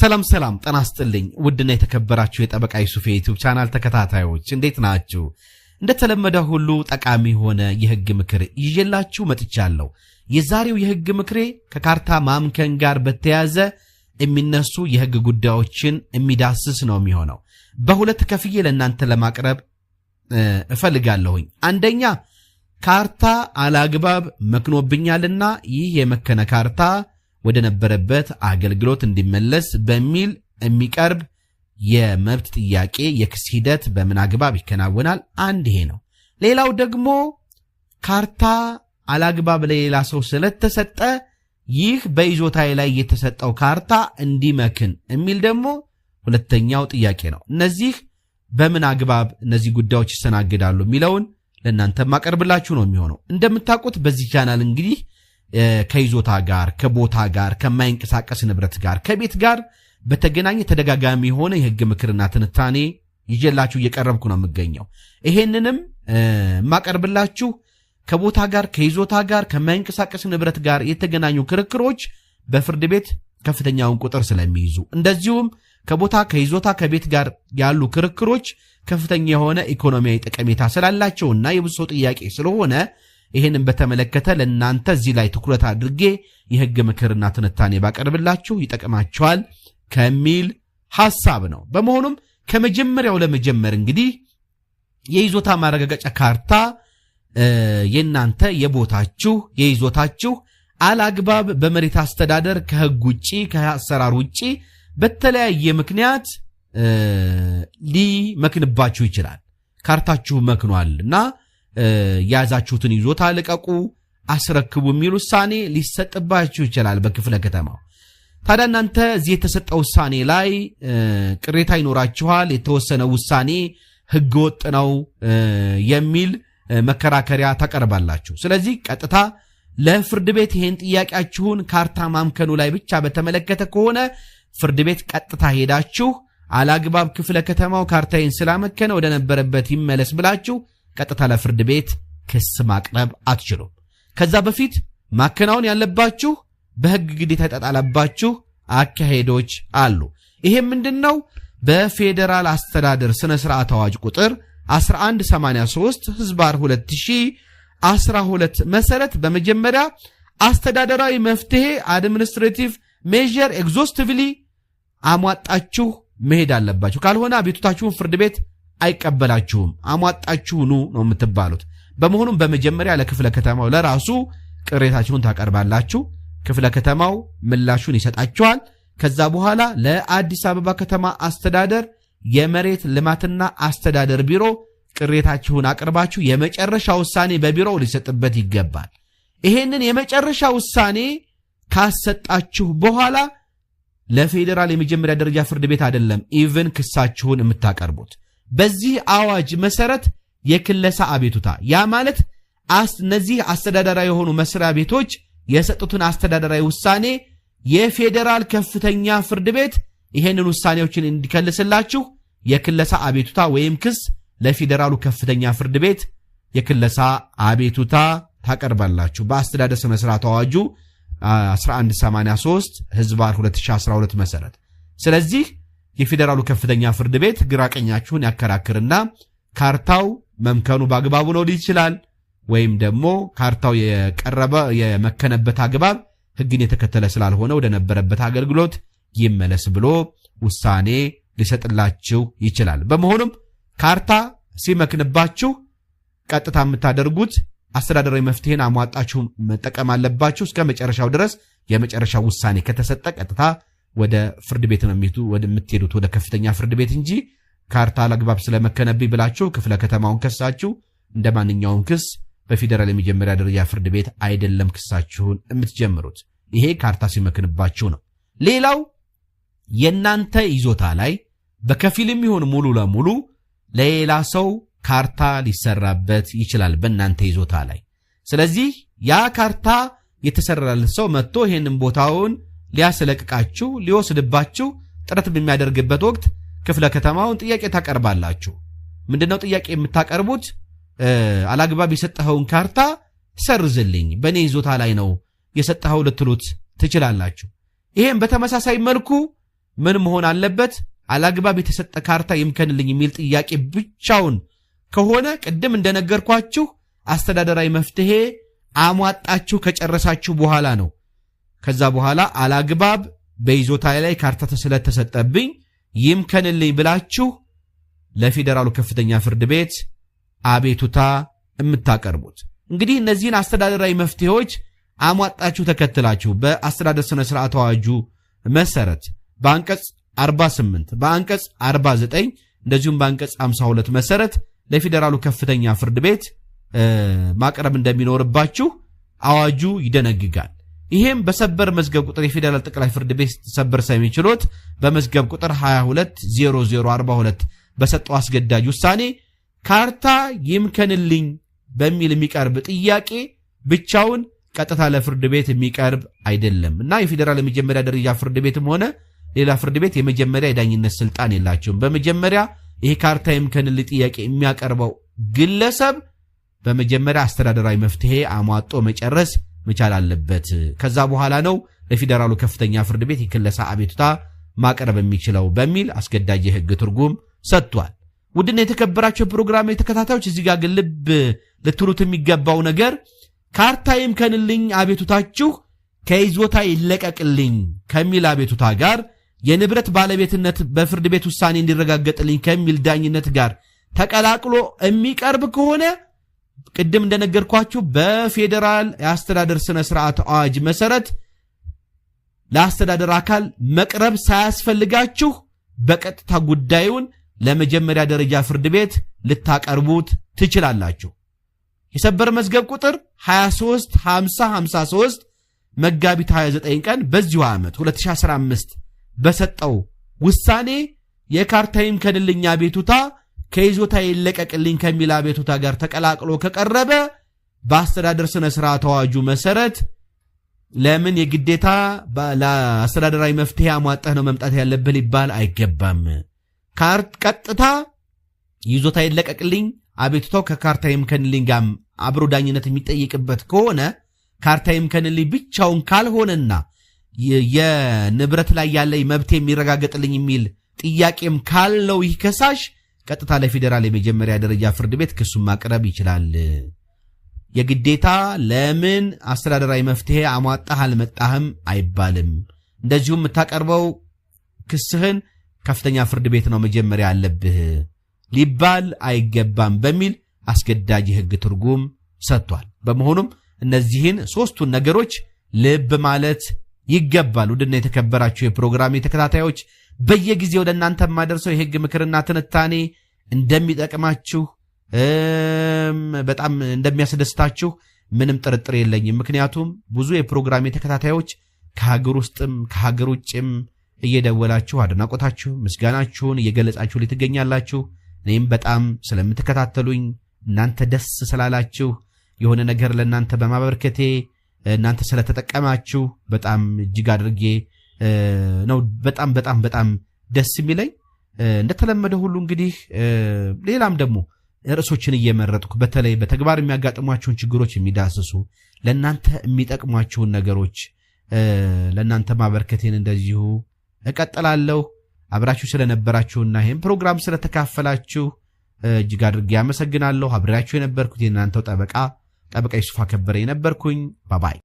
ሰላም ሰላም፣ ጤና ይስጥልኝ ውድና የተከበራችሁ የጠበቃ ዩሱፍ የዩቲዩብ ቻናል ተከታታዮች እንዴት ናችሁ? እንደተለመደ ሁሉ ጠቃሚ የሆነ የህግ ምክር ይዤላችሁ መጥቻለሁ። የዛሬው የህግ ምክሬ ከካርታ ማምከን ጋር በተያያዘ የሚነሱ የህግ ጉዳዮችን የሚዳስስ ነው የሚሆነው። በሁለት ከፍዬ ለእናንተ ለማቅረብ እፈልጋለሁኝ። አንደኛ ካርታ አላግባብ መክኖብኛልና ይህ የመከነ ካርታ ወደ ነበረበት አገልግሎት እንዲመለስ በሚል የሚቀርብ የመብት ጥያቄ የክስ ሂደት በምን አግባብ ይከናወናል? አንድ ይሄ ነው። ሌላው ደግሞ ካርታ አላግባብ ለሌላ ሰው ስለተሰጠ ይህ በይዞታዬ ላይ የተሰጠው ካርታ እንዲመክን የሚል ደግሞ ሁለተኛው ጥያቄ ነው። እነዚህ በምን አግባብ እነዚህ ጉዳዮች ይሰናግዳሉ የሚለውን ለእናንተ ማቀርብላችሁ ነው የሚሆነው። እንደምታውቁት በዚህ ቻናል እንግዲህ ከይዞታ ጋር ከቦታ ጋር ከማይንቀሳቀስ ንብረት ጋር ከቤት ጋር በተገናኘ ተደጋጋሚ የሆነ የህግ ምክርና ትንታኔ ይዤላችሁ እየቀረብኩ ነው የምገኘው። ይሄንንም የማቀርብላችሁ ከቦታ ጋር ከይዞታ ጋር ከማይንቀሳቀስ ንብረት ጋር የተገናኙ ክርክሮች በፍርድ ቤት ከፍተኛውን ቁጥር ስለሚይዙ እንደዚሁም ከቦታ ከይዞታ ከቤት ጋር ያሉ ክርክሮች ከፍተኛ የሆነ ኢኮኖሚያዊ ጠቀሜታ ስላላቸውና የብሶ ጥያቄ ስለሆነ ይህንም በተመለከተ ለእናንተ እዚህ ላይ ትኩረት አድርጌ የህግ ምክርና ትንታኔ ባቀርብላችሁ ይጠቅማችኋል ከሚል ሐሳብ ነው። በመሆኑም ከመጀመሪያው ለመጀመር እንግዲህ የይዞታ ማረጋገጫ ካርታ የእናንተ የቦታችሁ የይዞታችሁ አላግባብ በመሬት አስተዳደር ከህግ ውጭ ከአሰራር ውጭ በተለያየ ምክንያት ሊመክንባችሁ ይችላል። ካርታችሁ መክኗል እና የያዛችሁትን ይዞታ ልቀቁ፣ አስረክቡ የሚል ውሳኔ ሊሰጥባችሁ ይችላል በክፍለ ከተማው። ታዲያ እናንተ እዚህ የተሰጠ ውሳኔ ላይ ቅሬታ ይኖራችኋል። የተወሰነ ውሳኔ ህገወጥ ነው የሚል መከራከሪያ ታቀርባላችሁ። ስለዚህ ቀጥታ ለፍርድ ቤት ይሄን ጥያቄያችሁን ካርታ ማምከኑ ላይ ብቻ በተመለከተ ከሆነ ፍርድ ቤት ቀጥታ ሄዳችሁ አላግባብ ክፍለ ከተማው ካርታዬን ስላመከነ ወደ ነበረበት ይመለስ ብላችሁ ቀጥታ ለፍርድ ቤት ክስ ማቅረብ አትችሉም። ከዛ በፊት ማከናወን ያለባችሁ በሕግ ግዴታ የተጣለባችሁ አካሄዶች አሉ። ይሄ ምንድን ነው? በፌዴራል አስተዳደር ሥነ ሥርዓት አዋጅ ቁጥር 1183 ህዝባር 2012 መሰረት በመጀመሪያ አስተዳደራዊ መፍትሄ አድሚኒስትሬቲቭ ሜዥር ኤግዞስቲቭሊ አሟጣችሁ መሄድ አለባችሁ። ካልሆነ አቤቱታችሁን ፍርድ ቤት አይቀበላችሁም፣ አሟጣችሁ ኑ ነው የምትባሉት። በመሆኑም በመጀመሪያ ለክፍለ ከተማው ለራሱ ቅሬታችሁን ታቀርባላችሁ። ክፍለ ከተማው ምላሹን ይሰጣችኋል። ከዛ በኋላ ለአዲስ አበባ ከተማ አስተዳደር የመሬት ልማትና አስተዳደር ቢሮ ቅሬታችሁን አቅርባችሁ የመጨረሻ ውሳኔ በቢሮው ሊሰጥበት ይገባል። ይሄንን የመጨረሻ ውሳኔ ካሰጣችሁ በኋላ ለፌዴራል የመጀመሪያ ደረጃ ፍርድ ቤት አይደለም ኢቨን ክሳችሁን የምታቀርቡት በዚህ አዋጅ መሰረት የክለሳ አቤቱታ ያ ማለት እነዚህ አስተዳደራዊ የሆኑ መስሪያ ቤቶች የሰጡትን አስተዳደራዊ ውሳኔ የፌዴራል ከፍተኛ ፍርድ ቤት ይሄንን ውሳኔዎችን እንዲከልስላችሁ የክለሳ አቤቱታ ወይም ክስ ለፌዴራሉ ከፍተኛ ፍርድ ቤት የክለሳ አቤቱታ ታቀርባላችሁ። በአስተዳደር ስነ ስርዓት አዋጁ 1183 ህዝባር 2012 መሰረት ስለዚህ የፌዴራሉ ከፍተኛ ፍርድ ቤት ግራቀኛችሁን ያከራክርና ካርታው መምከኑ በአግባቡ ነው ሊል ይችላል። ወይም ደግሞ ካርታው የቀረበ የመከነበት አግባብ ህግን የተከተለ ስላልሆነ ወደ ነበረበት አገልግሎት ይመለስ ብሎ ውሳኔ ሊሰጥላችሁ ይችላል። በመሆኑም ካርታ ሲመክንባችሁ ቀጥታ የምታደርጉት አስተዳደራዊ መፍትሄን አሟጣችሁ መጠቀም አለባችሁ። እስከ መጨረሻው ድረስ የመጨረሻው ውሳኔ ከተሰጠ ቀጥታ ወደ ፍርድ ቤት ነው የምትሄዱት፣ ወደ ከፍተኛ ፍርድ ቤት እንጂ ካርታ ለግባብ ስለመከነብኝ ብላችሁ ክፍለ ከተማውን ከሳችሁ እንደ ማንኛውም ክስ በፌዴራል የመጀመሪያ ደረጃ ፍርድ ቤት አይደለም ክሳችሁን የምትጀምሩት። ይሄ ካርታ ሲመክንባችሁ ነው። ሌላው የእናንተ ይዞታ ላይ በከፊልም ይሁን ሙሉ ለሙሉ ለሌላ ሰው ካርታ ሊሰራበት ይችላል በእናንተ ይዞታ ላይ። ስለዚህ ያ ካርታ የተሰራልን ሰው መጥቶ ይህንን ቦታውን ሊያስለቅቃችሁ ሊወስድባችሁ ጥረት በሚያደርግበት ወቅት ክፍለ ከተማውን ጥያቄ ታቀርባላችሁ። ምንድነው ጥያቄ የምታቀርቡት? አላግባብ የሰጠኸውን ካርታ ሰርዝልኝ፣ በእኔ ይዞታ ላይ ነው የሰጠኸው ልትሉት ትችላላችሁ። ይሄም በተመሳሳይ መልኩ ምን መሆን አለበት? አላግባብ የተሰጠ ካርታ ይምከንልኝ የሚል ጥያቄ ብቻውን ከሆነ ቅድም እንደነገርኳችሁ አስተዳደራዊ መፍትሄ አሟጣችሁ ከጨረሳችሁ በኋላ ነው ከዛ በኋላ አላግባብ በይዞታ ላይ ካርታ ስለተሰጠብኝ ይምከንልኝ ብላችሁ ለፌዴራሉ ከፍተኛ ፍርድ ቤት አቤቱታ የምታቀርቡት እንግዲህ እነዚህን አስተዳደራዊ መፍትሄዎች አሟጣችሁ ተከትላችሁ በአስተዳደር ስነ ስርዓት አዋጁ መሰረት በአንቀጽ 48 በአንቀጽ 49 እንደዚሁም በአንቀጽ 52 መሰረት ለፌዴራሉ ከፍተኛ ፍርድ ቤት ማቅረብ እንደሚኖርባችሁ አዋጁ ይደነግጋል። ይሄም በሰበር መዝገብ ቁጥር የፌዴራል ጠቅላይ ፍርድ ቤት ሰበር ሰሚ ችሎት በመዝገብ ቁጥር 220042 በሰጠው አስገዳጅ ውሳኔ ካርታ ይምከንልኝ በሚል የሚቀርብ ጥያቄ ብቻውን ቀጥታ ለፍርድ ቤት የሚቀርብ አይደለም እና የፌዴራል የመጀመሪያ ደረጃ ፍርድ ቤትም ሆነ ሌላ ፍርድ ቤት የመጀመሪያ የዳኝነት ስልጣን የላቸውም። በመጀመሪያ ይሄ ካርታ ይምከንልኝ ጥያቄ የሚያቀርበው ግለሰብ በመጀመሪያ አስተዳደራዊ መፍትሄ አሟጦ መጨረስ መቻል አለበት። ከዛ በኋላ ነው ለፌዴራሉ ከፍተኛ ፍርድ ቤት የክለሳ አቤቱታ ማቅረብ የሚችለው በሚል አስገዳጅ የህግ ትርጉም ሰጥቷል። ውድና የተከበራቸው ፕሮግራም የተከታታዮች እዚህ ጋር ግን ልብ ልትሉት የሚገባው ነገር ካርታ ይምከንልኝ አቤቱታችሁ ከይዞታ ይለቀቅልኝ ከሚል አቤቱታ ጋር የንብረት ባለቤትነት በፍርድ ቤት ውሳኔ እንዲረጋገጥልኝ ከሚል ዳኝነት ጋር ተቀላቅሎ የሚቀርብ ከሆነ ቅድም እንደነገርኳችሁ በፌዴራል የአስተዳደር ስነ ስርዓት አዋጅ መሰረት ለአስተዳደር አካል መቅረብ ሳያስፈልጋችሁ በቀጥታ ጉዳዩን ለመጀመሪያ ደረጃ ፍርድ ቤት ልታቀርቡት ትችላላችሁ። የሰበር መዝገብ ቁጥር 23 50 53 መጋቢት 29 ቀን በዚሁ ዓመት 2015 በሰጠው ውሳኔ የካርታ ይምከንልኝ ቤቱታ ከይዞታ ይለቀቅልኝ ከሚል አቤቱታ ጋር ተቀላቅሎ ከቀረበ በአስተዳደር ስነ ስርዓት አዋጁ መሰረት ለምን የግዴታ ለአስተዳደራዊ መፍትሄ አሟጠህ ነው መምጣት ያለብህ ሊባል አይገባም። ካርት ቀጥታ ይዞታ ይለቀቅልኝ አቤቱታው ከካርታ ይምከንልኝ ጋር አብሮ ዳኝነት የሚጠይቅበት ከሆነ ካርታ ይምከንልኝ ብቻውን ካልሆነና የንብረት ላይ ያለ መብት የሚረጋገጥልኝ የሚል ጥያቄም ካለው ይህ ከሳሽ ቀጥታ ለፌዴራል የመጀመሪያ ደረጃ ፍርድ ቤት ክሱን ማቅረብ ይችላል። የግዴታ ለምን አስተዳደራዊ መፍትሄ አሟጣህ አልመጣህም አይባልም። እንደዚሁም የምታቀርበው ክስህን ከፍተኛ ፍርድ ቤት ነው መጀመሪያ አለብህ ሊባል አይገባም በሚል አስገዳጅ የሕግ ትርጉም ሰጥቷል። በመሆኑም እነዚህን ሦስቱን ነገሮች ልብ ማለት ይገባል። ውድና የተከበራችሁ የፕሮግራም ተከታታዮች በየጊዜ ወደ እናንተ የማደርሰው የህግ ምክርና ትንታኔ እንደሚጠቅማችሁ በጣም እንደሚያስደስታችሁ ምንም ጥርጥር የለኝም። ምክንያቱም ብዙ የፕሮግራሜ ተከታታዮች ከሀገር ውስጥም ከሀገር ውጭም እየደወላችሁ አድናቆታችሁ፣ ምስጋናችሁን እየገለጻችሁ ላይ ትገኛላችሁ። እኔም በጣም ስለምትከታተሉኝ እናንተ ደስ ስላላችሁ የሆነ ነገር ለእናንተ በማበርከቴ እናንተ ስለተጠቀማችሁ በጣም እጅግ አድርጌ ነው በጣም በጣም በጣም ደስ የሚለኝ። እንደተለመደ ሁሉ እንግዲህ ሌላም ደግሞ ርዕሶችን እየመረጥኩ በተለይ በተግባር የሚያጋጥሟቸውን ችግሮች የሚዳስሱ ለእናንተ የሚጠቅሟቸውን ነገሮች ለእናንተ ማበርከቴን እንደዚሁ እቀጥላለሁ። አብራችሁ ስለነበራችሁና ይህም ፕሮግራም ስለተካፈላችሁ እጅግ አድርጌ አመሰግናለሁ። አብሬያችሁ የነበርኩት የእናንተው ጠበቃ ጠበቃ ዩሱፍ አከበረ የነበርኩኝ። ባባይ